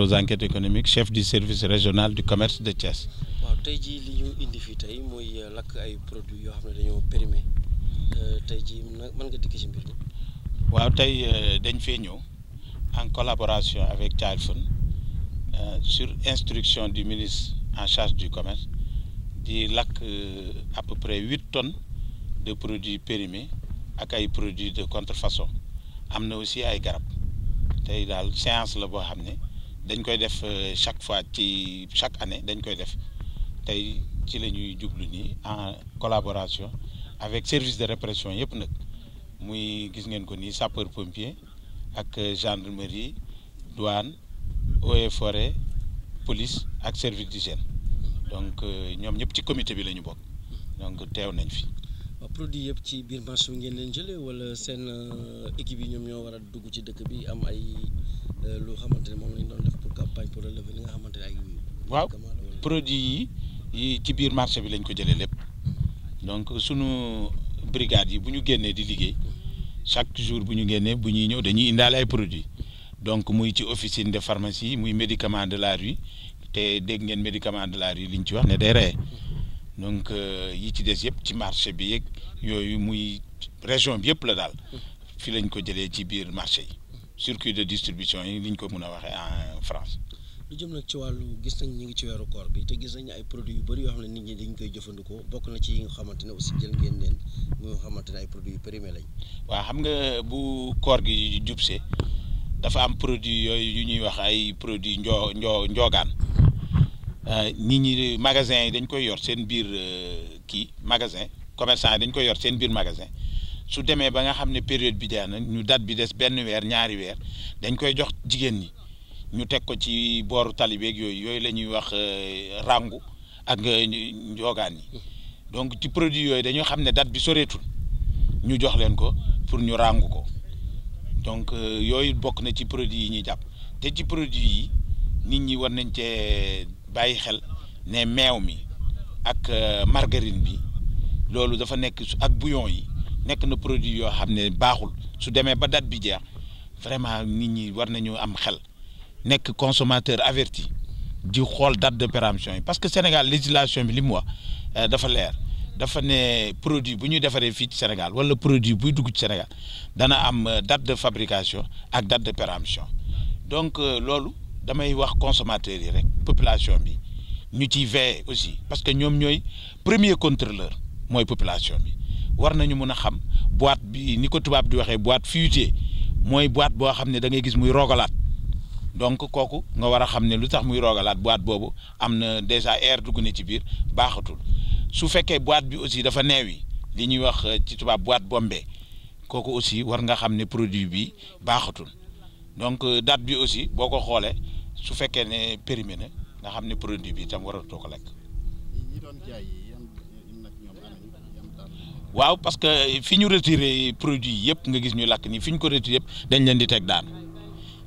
aux enquêtes économiques chef du service régional du commerce de Thiès. waaw tey jii li ñu indi fii tey mooy euh, lakk ay produits yoo xam ne dañoo périmé euh, tey jii mën nga dikk ci mbir mi. Euh, dañ fee ñëw en collaboration avec Thialfon euh, sur instruction du ministre en charge du commerce di lakk à peu près tonnes de produits périmés ak ay produits de contrefaçon am na aussi ay garab tey daal séance la boo xam ne. dañ koy def euh, chaque fois ci chaque année dañ koy def tey ci la ñuy jublu nii en collaboration avec service de répression yëpp nag muy gis ngeen ko nii sapeur pompier ak euh, gendarmerie douane eaux et forêt police ak service d'hygiène donc euh, ñoom ñëpp ci comité bi la ñu bokk donc teew nañ fi produit yëpp ci biir marché bi ngeen leen jëlee wala seen euh, équipe yi ñoom ñoo war a dugg ci dëkk bi am ay euh, lu xamante ne moom lañ doon pour campagne pour nga xamante ne ay. waaw produit yi yi ci biir marché bi lañ ko jëlee lépp donc sunu brigade yi bu ñu génnee di liggéey chaque jour bu ñu génnee bu ñuy ñëw dañuy indaale ay produits donc muy ci officine de pharmacie muy médicament de la rue te dégg ngeen médicament de la rue li ñu ci wax ne day reye donc euh, yi ci des yëpp ci marché bi yeeg yooyu muy région bi yëpp la daal fii lañ ko jëlee ci biir marché yi circuit de distribution yi liñ ko mën a waxee en France. lu jëm nag ci wàllu gis nañ ñu ngi ci weeru koor bi te gis nañ ay produit yu bëri yoo xam ne nit ñi dañ koy jëfandikoo bokk na ci yi nga xamante ne aussi jël ngeen leen nga xamante ne ay produits yu périmés lañ. waaw xam nga bu koor gi jubsee dafa am produit yooyu yu ñuy wax ay produits njoo njoo njoogaan. Euh, nit ñi magasin yi dañ koy yor seen biir euh, kii magasin commerçant yi dañ koy yor seen biir magasin su demee ba nga xam ne période bi dee na ñu date bi des benn weer ñaari weer dañ koy jox jigéen ñi ñu teg ko ci booru tali yooyu yooyu lañuy wax euh, ràngu ak njoogaan yi donc ci produit yooyu dañoo xam ne date bi soreetul ñu jox leen ko pour ñu ràngu ko donc yooyu bokk na ci produit yi ñuy jàpp te ci produit yi. nit ñi war nañ cee bàyyi xel ne meew mi ak euh, margarine bi loolu dafa nekk ak bouillon yi nekk na produit yoo xam ne baaxul su demee ba date bi jeex vraiment nit ñi war nañu am xel nekk consommateur averti di xool date de péremption yi parce que Sénégal législation bi li mu wax euh, dafa leer dafa ne produit bu ñu defaree fii ci Sénégal wala produit buy dugg ci Sénégal dana am euh, date de fabrication ak date de péremption donc loolu damay wax consommateur yi rek population bi ñu ciy veiller aussi parce que ñoom ñooy premier contrôleur mooy population bi war nañu mun a xam boîte bi ni ko tubaab di waxee boîte fuitée mooy boîte boo xam ne da ngay gis muy roogalaat donc kooku nga war a xam ne lu tax muy roogalaat boîte boobu am na déjà air dugg na ci biir baaxatul su fekkee boîte bi aussi dafa neew yi li ñuy wax euh, ci tubaab boîte bombée kooku aussi war nga xam ne produit bi baaxatul donc euh, date bi aussi boo ko xoolee su fekkee ne périmé na nga xam ne produit bi war waratoo ko lekk. waaw parce que fi ñu retiré produit yëpp nga gis ñu lakk nii fi ñu ko retiré yëpp dañ leen di teg daan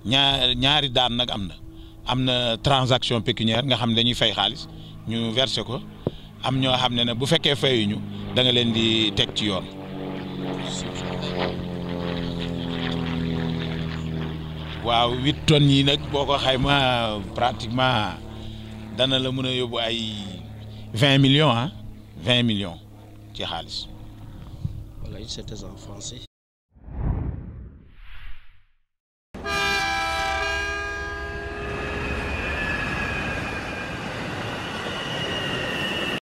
ñaar ñaari daan nag am na am na transaction pécuniaire nga xam ne dañuy fay xaalis ñu versé ko am ñoo xam ne ne bu fekkee fayuñu da nga leen di teg ci yoon. waaw huit tonnes yi nag boo ko xaymaa pratiquement dana la mun a yóbbu ay vingt millions ah vingt millions ci xaalis.